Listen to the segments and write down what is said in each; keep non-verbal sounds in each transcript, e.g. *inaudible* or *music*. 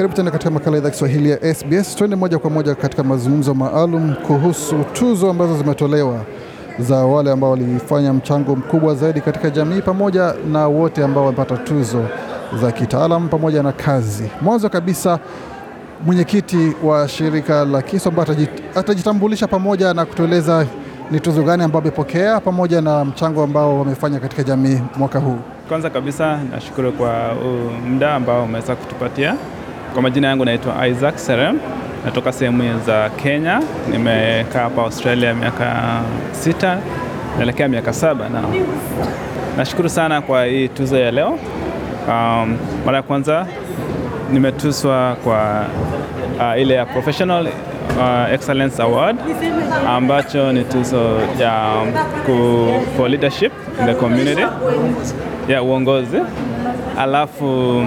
Karibu tena katika makala idhaa Kiswahili ya SBS. Tuende moja kwa moja katika mazungumzo maalum kuhusu tuzo ambazo zimetolewa za wale ambao walifanya mchango mkubwa zaidi katika jamii pamoja na wote ambao wamepata tuzo za kitaalam pamoja na kazi. Mwanzo kabisa, mwenyekiti wa shirika la KISO ambayo atajitambulisha pamoja na kutueleza ni tuzo gani ambao amepokea pamoja na mchango ambao wamefanya katika jamii mwaka huu. Kwanza kabisa nashukuru kwa uh, muda ambao umeweza kutupatia kwa majina yangu naitwa Isaac Serem, natoka sehemu za Kenya. Nimekaa hapa Australia miaka sita naelekea miaka saba na nashukuru sana kwa hii tuzo ya leo. Um, mara ya kwanza nimetuzwa kwa uh, ile ya professional uh, Excellence Award ambacho ni tuzo ya ku, for leadership in the community ya uongozi. Alafu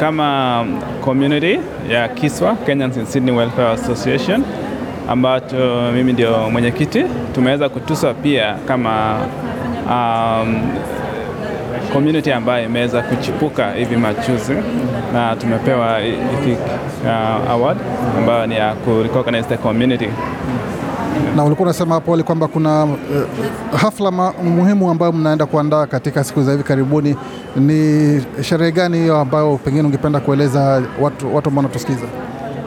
kama community ya Kiswa, Kenyans in Sydney Welfare Association ambacho mimi ndio mwenyekiti, tumeweza kutuswa pia kama um, community ambayo imeweza kuchipuka hivi machuzi na tumepewa hiki uh, award ambayo ni ya ku recognize the community. Na ulikuwa unasema hapo awali kwamba kuna uh, hafla muhimu ambayo mnaenda kuandaa katika siku za hivi karibuni. Ni sherehe gani hiyo ambayo pengine ungependa kueleza watu watu ambao wanatusikiza?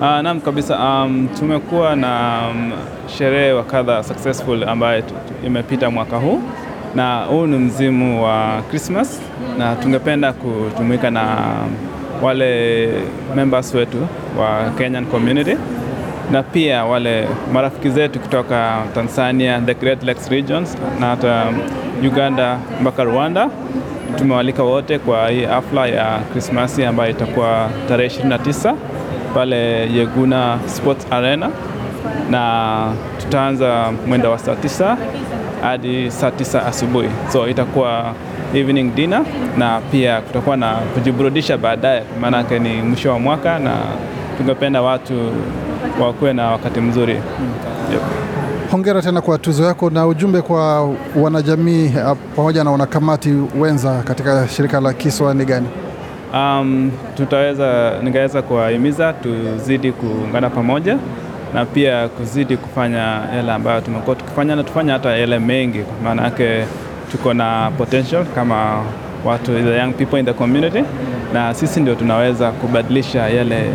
Uh, naam kabisa. Um, tumekuwa na um, sherehe wa kadha successful ambayo imepita mwaka huu na huu ni mzimu wa Christmas na tungependa kutumika na wale members wetu wa Kenyan community na pia wale marafiki zetu kutoka Tanzania, the Great Lakes regions na hata Uganda mpaka Rwanda. Tumewalika wote kwa hii hafla ya Krismasi ambayo itakuwa tarehe 29 pale Yeguna Sports Arena na tutaanza mwendo wa saa 9 hadi saa tisa asubuhi, so itakuwa evening dinner na pia kutakuwa na kujiburudisha baadaye, maanake ni mwisho wa mwaka na tungependa watu wakuwe na wakati mzuri yep. Hongera tena kwa tuzo yako na ujumbe kwa wanajamii eh, pamoja na wanakamati wenza katika shirika la Kiswa ni gani? Um, tutaweza ningaweza kuwahimiza tuzidi kuungana pamoja na pia kuzidi kufanya yale ambayo tumekuwa tukifanya na tufanya hata yale mengi, maana yake tuko na potential kama watu the young people in the community, na sisi ndio tunaweza kubadilisha yale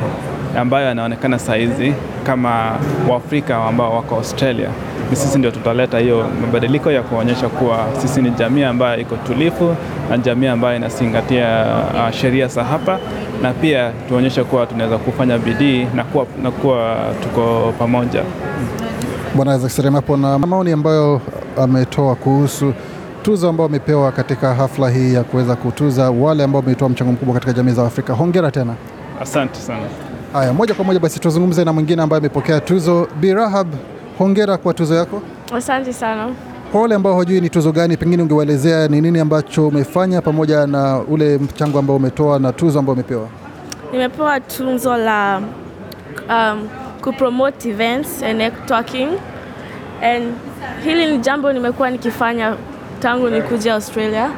ambayo yanaonekana saa hizi kama Waafrika ambao wako Australia. Ni sisi ndio tutaleta hiyo mabadiliko ya kuonyesha kuwa sisi ni jamii ambayo iko tulifu na jamii ambayo inazingatia uh, sheria za hapa, na pia tuonyeshe kuwa tunaweza kufanya bidii na kuwa, na kuwa tuko pamoja. Bwana Serem hapo na maoni ambayo ametoa kuhusu tuzo ambao amepewa katika hafla hii ya kuweza kutuza wale ambao wametoa mchango mkubwa katika jamii za Afrika. Hongera tena, asante sana. Haya, moja kwa moja basi tuzungumze na mwingine ambaye amepokea tuzo. Bi Rahab, hongera kwa tuzo yako. Asante sana. Kwa wale ambao hawajui ni tuzo gani, pengine ungewaelezea ni nini ambacho umefanya pamoja na ule mchango ambao umetoa na tuzo ambayo umepewa? Nimepewa tuzo la um, kupromote events and networking and hili ni jambo nimekuwa nikifanya tangu nikuja Australia.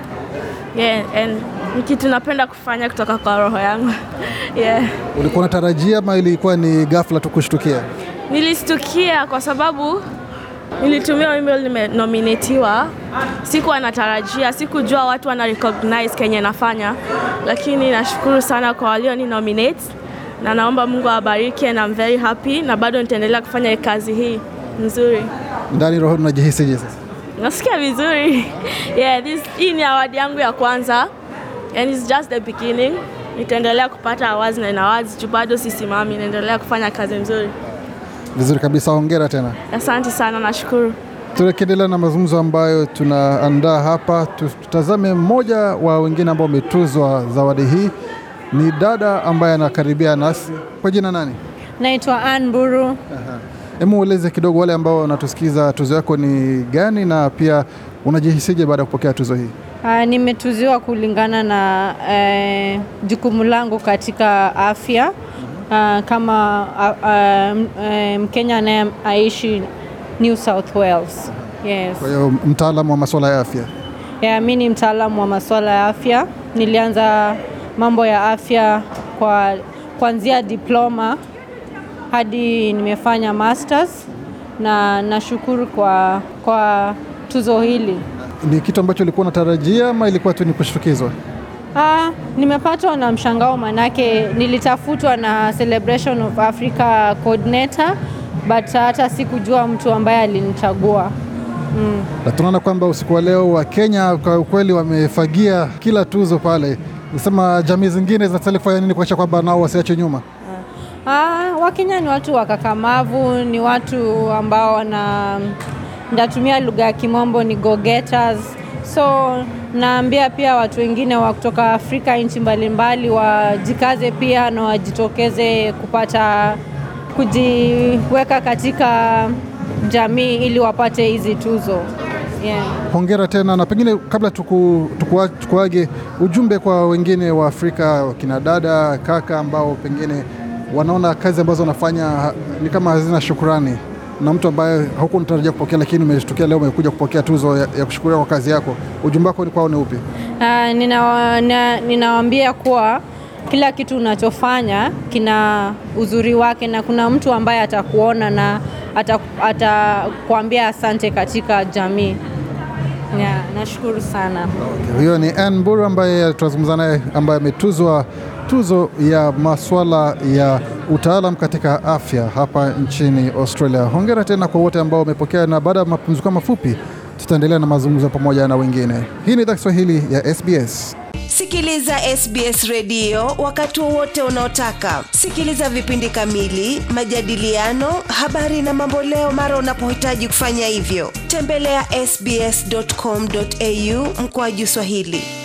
Yeah, and ni kitu napenda kufanya kutoka kwa roho yangu *laughs* yeah. Ulikuwa unatarajia ama ilikuwa ni ghafla tu kushtukia? Nilishtukia kwa sababu nilitumia wimbo nimenominatiwa. Sikuwa natarajia, sikujua watu wana recognize kenye nafanya, lakini nashukuru sana kwa walio nominate na naomba Mungu awabariki and I'm very happy, na bado nitaendelea kufanya kazi hii nzuri. Ndani roho tunajihisi sasa? Nasikia vizuri *laughs* yeah, this, hii ni awadi yangu ya kwanza and it's just the beginning. Nitaendelea kupata awards na awards juu bado sisimami, naendelea kufanya kazi nzuri vizuri kabisa. Hongera tena, asante sana, nashukuru. Tukiendelea na mazungumzo ambayo tunaandaa hapa, tutazame mmoja wa wengine ambao umetuzwa zawadi hii. Ni dada ambaye anakaribia nasi. Kwa jina nani? Naitwa Ann Buru. Hebu ueleze kidogo wale ambao wanatusikiza, tuzo yako ni gani na pia unajihisije baada ya kupokea tuzo hii? Uh, nimetuziwa kulingana na eh, jukumu langu katika afya uh, kama uh, uh, Mkenya anayeishi New South Wales. Mhm. Yes. Kwa hiyo mtaalamu wa masuala ya afya? Yeah, mimi ni mtaalamu wa masuala ya afya. Nilianza mambo ya afya kwa kuanzia diploma hadi nimefanya masters na nashukuru kwa, kwa tuzo hili. Ni kitu ambacho ulikuwa unatarajia ama ilikuwa tu ni kushtukizwa? Ah, nimepatwa na mshangao manake nilitafutwa na Celebration of Africa coordinator but hata sikujua mtu ambaye alinichagua. Mm. Na tunaona kwamba usiku wa leo wa Kenya kwa ukweli wamefagia kila tuzo pale. Nasema jamii zingine zinastahili kufanya nini kuhakikisha kwamba nao wasiache nyuma? Ah, Wakenya ni watu wakakamavu, ni watu ambao wana ndatumia lugha ya kimombo ni go getters. So naambia pia watu wengine wa kutoka Afrika, nchi mbalimbali, wajikaze pia na wajitokeze kupata kujiweka katika jamii ili wapate hizi tuzo. Yeah. Hongera tena na pengine kabla tuku, tuku, tukuage ujumbe kwa wengine wa Afrika wakina dada, kaka ambao pengine wanaona kazi ambazo wanafanya ni kama hazina shukurani na mtu ambaye hukunitarajia kupokea, lakini umeshtukia leo umekuja kupokea tuzo ya, ya kushukuria kwa kazi yako, ujumbe wako kwao ni upi? Uh, ninawaambia nina kuwa kila kitu unachofanya kina uzuri wake na kuna mtu ambaye atakuona na atakuambia ata asante katika jamii nashukuru sana. huyo ni ann Mburu ambaye tunazungumza naye ambaye ametuzwa tuzo ya masuala ya utaalam katika afya hapa nchini Australia. Hongera tena kwa wote ambao wamepokea, na baada ya mapumziko mafupi tutaendelea na mazungumzo pamoja na wengine. Hii ni idhaa Kiswahili ya SBS. Sikiliza SBS redio wakati wowote unaotaka. Sikiliza vipindi kamili, majadiliano, habari na mamboleo mara unapohitaji kufanya hivyo. Tembelea ya sbs.com.au mkoaji Swahili.